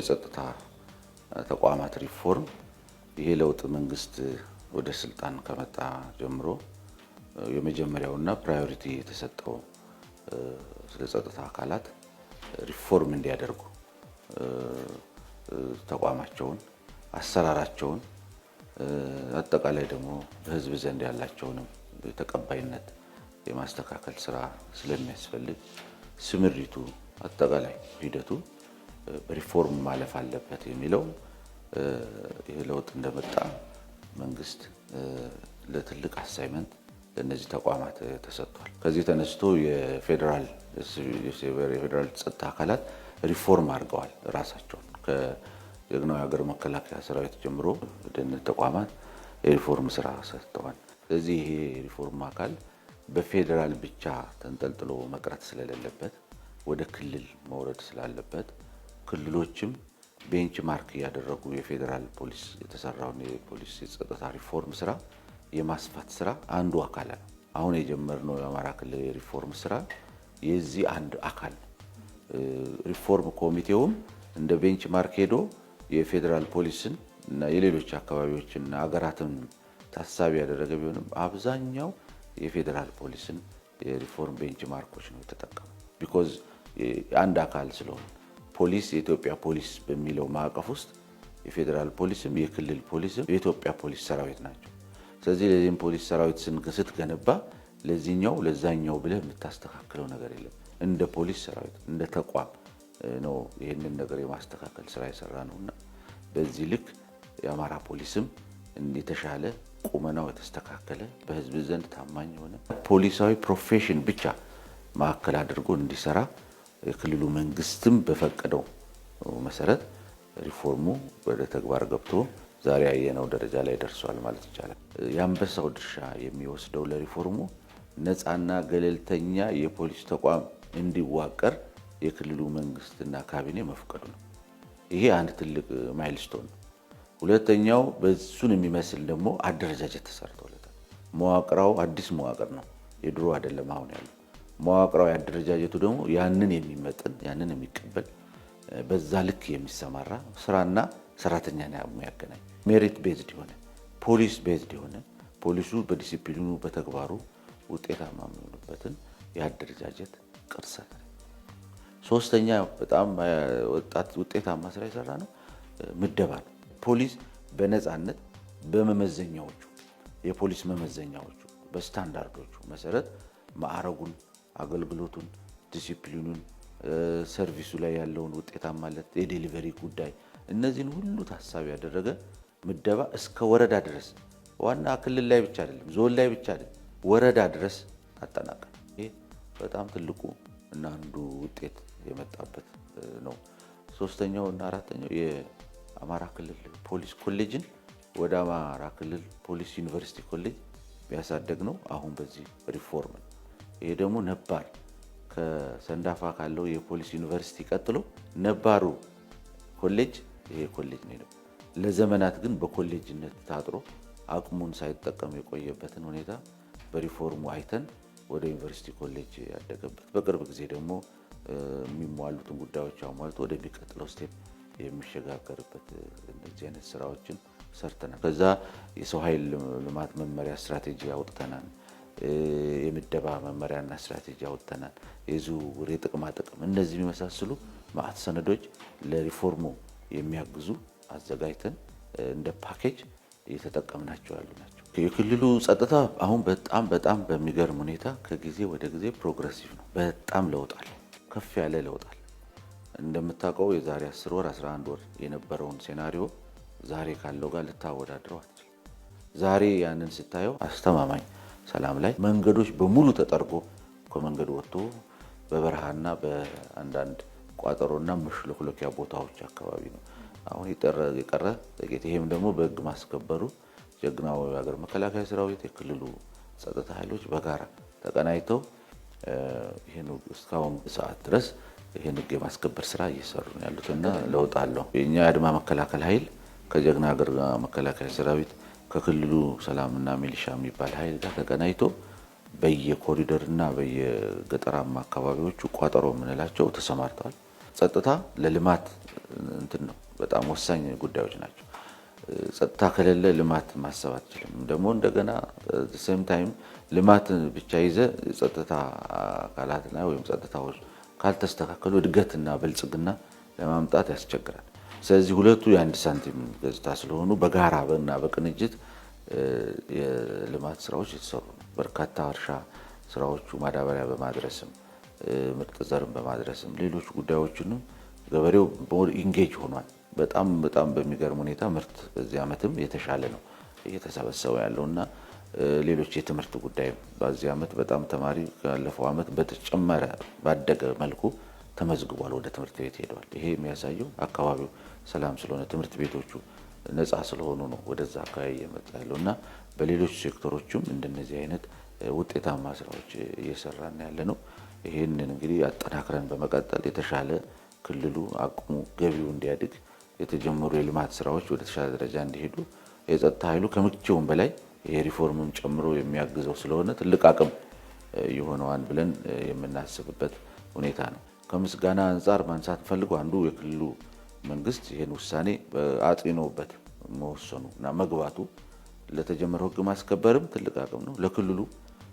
የጸጥታ ተቋማት ሪፎርም ይሄ ለውጥ መንግስት ወደ ስልጣን ከመጣ ጀምሮ የመጀመሪያውና ፕራዮሪቲ የተሰጠው የጸጥታ አካላት ሪፎርም እንዲያደርጉ ተቋማቸውን፣ አሰራራቸውን፣ አጠቃላይ ደግሞ በህዝብ ዘንድ ያላቸውንም ተቀባይነት የማስተካከል ስራ ስለሚያስፈልግ ስምሪቱ አጠቃላይ ሂደቱ ሪፎርም ማለፍ አለበት የሚለው ይህ ለውጥ እንደመጣ መንግስት ለትልቅ አሳይመንት ለእነዚህ ተቋማት ተሰጥቷል። ከዚህ ተነስቶ የፌዴራል ጸጥታ አካላት ሪፎርም አድርገዋል ራሳቸውን ከጀግናዊ ሀገር መከላከያ ሰራዊት ጀምሮ ደህንነት ተቋማት የሪፎርም ስራ ሰጥተዋል። ስለዚህ ይሄ ሪፎርም አካል በፌዴራል ብቻ ተንጠልጥሎ መቅረት ስለሌለበት ወደ ክልል መውረድ ስላለበት ክልሎችም ቤንች ማርክ እያደረጉ የፌዴራል ፖሊስ የተሰራውን የፖሊስ የጸጥታ ሪፎርም ስራ የማስፋት ስራ አንዱ አካል ነው። አሁን የጀመርነው የአማራ ክልል የሪፎርም ስራ የዚህ አንድ አካል ነው። ሪፎርም ኮሚቴውም እንደ ቤንች ማርክ ሄዶ የፌዴራል ፖሊስን እና የሌሎች አካባቢዎችና አገራትን ታሳቢ ያደረገ ቢሆንም አብዛኛው የፌዴራል ፖሊስን የሪፎርም ቤንች ማርኮች ነው የተጠቀመው ቢኮዝ አንድ አካል ስለሆነ ፖሊስ የኢትዮጵያ ፖሊስ በሚለው ማዕቀፍ ውስጥ የፌዴራል ፖሊስም የክልል ፖሊስም የኢትዮጵያ ፖሊስ ሰራዊት ናቸው። ስለዚህ ለዚህም ፖሊስ ሰራዊት ስትገነባ ለዚህኛው ለዛኛው ብለህ የምታስተካክለው ነገር የለም። እንደ ፖሊስ ሰራዊት እንደ ተቋም ነው ይህንን ነገር የማስተካከል ስራ የሰራ እና በዚህ ልክ የአማራ ፖሊስም የተሻለ ቁመናው የተስተካከለ በህዝብ ዘንድ ታማኝ የሆነ ፖሊሳዊ ፕሮፌሽን ብቻ ማዕከል አድርጎ እንዲሰራ የክልሉ መንግስትም በፈቀደው መሰረት ሪፎርሙ ወደ ተግባር ገብቶ ዛሬ ያየነው ደረጃ ላይ ደርሷል ማለት ይቻላል። የአንበሳው ድርሻ የሚወስደው ለሪፎርሙ ነፃና ገለልተኛ የፖሊስ ተቋም እንዲዋቀር የክልሉ መንግስትና ካቢኔ መፍቀዱ ነው። ይሄ አንድ ትልቅ ማይልስቶን ነው። ሁለተኛው በሱን የሚመስል ደግሞ አደረጃጀት ተሰርቶለታል። መዋቅራው አዲስ መዋቅር ነው፣ የድሮ አይደለም አሁን ያለው መዋቅራዊ አደረጃጀቱ ደግሞ ያንን የሚመጥን ያንን የሚቀበል በዛ ልክ የሚሰማራ ስራና ሰራተኛ የሚያገናኝ ሜሪት ቤዝድ የሆነ ፖሊስ ቤዝድ የሆነ ፖሊሱ በዲሲፕሊኑ በተግባሩ ውጤታማ የሚሆኑበትን የአደረጃጀት ቅርሰት። ሶስተኛ በጣም ወጣት ውጤታማ ስራ የሰራ ነው ምደባ ነው። ፖሊስ በነፃነት በመመዘኛዎቹ የፖሊስ መመዘኛዎቹ በስታንዳርዶቹ መሰረት ማዕረጉን አገልግሎቱን፣ ዲሲፕሊኑን፣ ሰርቪሱ ላይ ያለውን ውጤታማነት፣ የዴሊቨሪ ጉዳይ እነዚህን ሁሉ ታሳቢ ያደረገ ምደባ እስከ ወረዳ ድረስ ዋና ክልል ላይ ብቻ አይደለም፣ ዞን ላይ ብቻ አይደለም፣ ወረዳ ድረስ አጠናቀን ይህ በጣም ትልቁ እና አንዱ ውጤት የመጣበት ነው። ሶስተኛው እና አራተኛው የአማራ ክልል ፖሊስ ኮሌጅን ወደ አማራ ክልል ፖሊስ ዩኒቨርሲቲ ኮሌጅ ቢያሳደግ ነው። አሁን በዚህ ሪፎርም ነው ይሄ ደግሞ ነባር ከሰንዳፋ ካለው የፖሊስ ዩኒቨርሲቲ ቀጥሎ ነባሩ ኮሌጅ ይሄ ኮሌጅ ነው። ለዘመናት ግን በኮሌጅነት ታጥሮ አቅሙን ሳይጠቀም የቆየበትን ሁኔታ በሪፎርሙ አይተን ወደ ዩኒቨርሲቲ ኮሌጅ ያደገበት በቅርብ ጊዜ ደግሞ የሚሟሉትን ጉዳዮች አሟልቶ ወደሚቀጥለው ስቴፕ የሚሸጋገርበት እንደዚህ አይነት ስራዎችን ሰርተናል። ከዛ የሰው ኃይል ልማት መመሪያ ስትራቴጂ አውጥተናል። የምደባ መመሪያና ስትራቴጂ አውጥተናል። የዝውውር፣ የጥቅማ ጥቅም እነዚህ የሚመሳስሉ ማዕት ሰነዶች ለሪፎርሙ የሚያግዙ አዘጋጅተን እንደ ፓኬጅ እየተጠቀምናቸው ያሉ ናቸው። የክልሉ ጸጥታ አሁን በጣም በጣም በሚገርም ሁኔታ ከጊዜ ወደ ጊዜ ፕሮግረሲቭ ነው። በጣም ለውጣል፣ ከፍ ያለ ለውጣል። እንደምታውቀው የዛሬ 10 ወር 11 ወር የነበረውን ሴናሪዮ ዛሬ ካለው ጋር ልታወዳድረው አትችል። ዛሬ ያንን ስታየው አስተማማኝ ሰላም ላይ መንገዶች በሙሉ ተጠርጎ ከመንገድ ወጥቶ በበረሃና በአንዳንድ ቋጠሮና መሽለክለኪያ ቦታዎች አካባቢ ነው አሁን የቀረ ጥቂት። ይሄም ደግሞ በህግ ማስከበሩ ጀግናው የሀገር መከላከያ ሰራዊት፣ የክልሉ ጸጥታ ኃይሎች በጋራ ተቀናይተው ይህን እስካሁን ሰዓት ድረስ ይህን ህግ የማስከበር ስራ እየሰሩ ነው ያሉትና ለውጥ አለው። የእኛ የአድማ መከላከል ኃይል ከጀግና ሀገር መከላከያ ሰራዊት ከክልሉ ሰላምና ሚሊሻ የሚባል ኃይል ጋር ተቀናይቶ በየኮሪደርና በየገጠራማ አካባቢዎቹ ቋጠሮ የምንላቸው ተሰማርተዋል። ጸጥታ ለልማት እንትን ነው፣ በጣም ወሳኝ ጉዳዮች ናቸው። ጸጥታ ከሌለ ልማት ማሰብ አትችልም። ደግሞ እንደገና ሴም ታይም ልማት ብቻ ይዘ ጸጥታ አካላትና ወይም ጸጥታዎች ካልተስተካከሉ እድገትና ብልጽግና ለማምጣት ያስቸግራል። ስለዚህ ሁለቱ የአንድ ሳንቲም ገጽታ ስለሆኑ በጋራ እና በቅንጅት የልማት ስራዎች የተሰሩ ነው። በርካታ እርሻ ስራዎቹ ማዳበሪያ በማድረስም ምርጥ ዘርን በማድረስም ሌሎች ጉዳዮችንም ገበሬው ኢንጌጅ ሆኗል። በጣም በጣም በሚገርም ሁኔታ ምርት በዚህ ዓመትም የተሻለ ነው እየተሰበሰበ ያለው እና ሌሎች የትምህርት ጉዳይ በዚህ ዓመት በጣም ተማሪ ካለፈው ዓመት በተጨመረ ባደገ መልኩ ተመዝግቧል። ወደ ትምህርት ቤት ሄደዋል። ይሄ የሚያሳየው አካባቢው ሰላም ስለሆነ ትምህርት ቤቶቹ ነጻ ስለሆኑ ነው ወደዛ አካባቢ እየመጣ ያለው እና በሌሎች ሴክተሮችም እንደነዚህ አይነት ውጤታማ ስራዎች እየሰራን ያለ ነው። ይህንን እንግዲህ አጠናክረን በመቀጠል የተሻለ ክልሉ አቅሙ ገቢው እንዲያድግ የተጀመሩ የልማት ስራዎች ወደ ተሻለ ደረጃ እንዲሄዱ የጸጥታ ኃይሉ ከምቼውም በላይ ይሄ ሪፎርምም ጨምሮ የሚያግዘው ስለሆነ ትልቅ አቅም የሆነዋን ብለን የምናስብበት ሁኔታ ነው። ከምስጋና አንጻር ማንሳት እንፈልገው አንዱ የክልሉ መንግስት ይህን ውሳኔ አጢኖበት መወሰኑ እና መግባቱ ለተጀመረው ህግ ማስከበርም ትልቅ አቅም ነው። ለክልሉ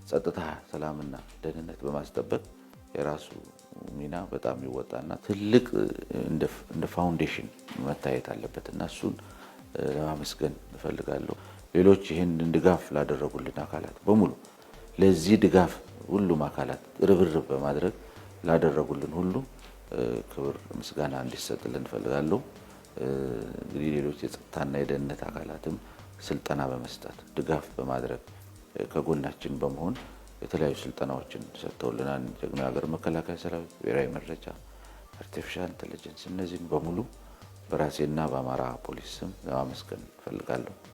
ጸጥታ፣ ሰላምና ደህንነት በማስጠበቅ የራሱ ሚና በጣም ይወጣና ትልቅ እንደ ፋውንዴሽን መታየት አለበት እና እሱን ለማመስገን እፈልጋለሁ። ሌሎች ይህንን ድጋፍ ላደረጉልን አካላት በሙሉ ለዚህ ድጋፍ ሁሉም አካላት ርብርብ በማድረግ ላደረጉልን ሁሉ ክብር ምስጋና እንዲሰጥልን እንፈልጋለሁ። እንግዲህ ሌሎች የጸጥታና የደህንነት አካላትም ስልጠና በመስጠት ድጋፍ በማድረግ ከጎናችን በመሆን የተለያዩ ስልጠናዎችን ሰጥተውልናል። ደግሞ የሀገር መከላከያ ሰራዊት፣ ብሔራዊ መረጃ፣ አርቲፊሻል ኢንቴሊጀንስ እነዚህም በሙሉ በራሴና በአማራ ፖሊስ ስም ለማመስገን እፈልጋለሁ።